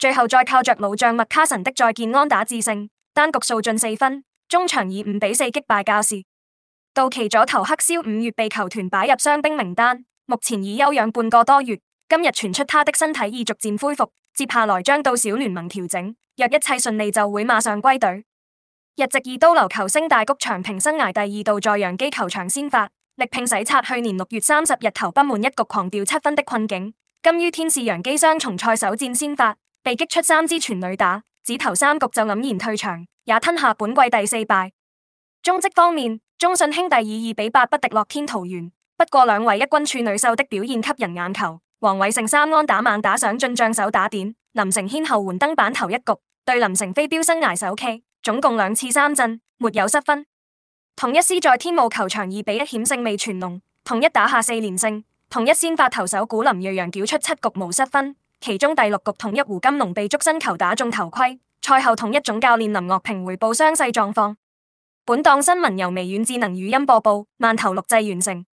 最後再靠着老將麥卡臣的再見安打致勝，單局數進四分，終場以五比四擊敗教士。到期左投黑燒五月被球團擺入傷兵名單，目前已休養半個多月，今日傳出他的身體已逐漸恢復，接下來將到小聯盟調整，若一切順利就會馬上歸隊。日籍二刀流球星大谷翔平生涯第二度在洋基球場先發，力拼洗刷去年六月三十日投不滿一局狂掉七分的困境，今於天使洋基雙重賽首戰先發。被擊出三支全壘打，只投三局就黯然退場，也吞下本季第四敗。中職方面，中信兄弟以二比八不敵樂天桃猿。不過兩位一軍處女秀的表現吸引眼球，王偉勝三安打猛打賞進賬首分打點，林承軒後援登板頭一局，對林承飛飆生涯首 K，總共兩次三振沒有失分。統一獅在天母球場二比一險勝味全龍，統一打下四連勝，統一先發投手古林睿煬繳出七局無失分。其中第六局統一胡金龍被觸身球打中頭盔，賽後統一總教練林岳平回報傷勢狀況。本檔新聞由微軟智能語音播報，慢投錄製完成。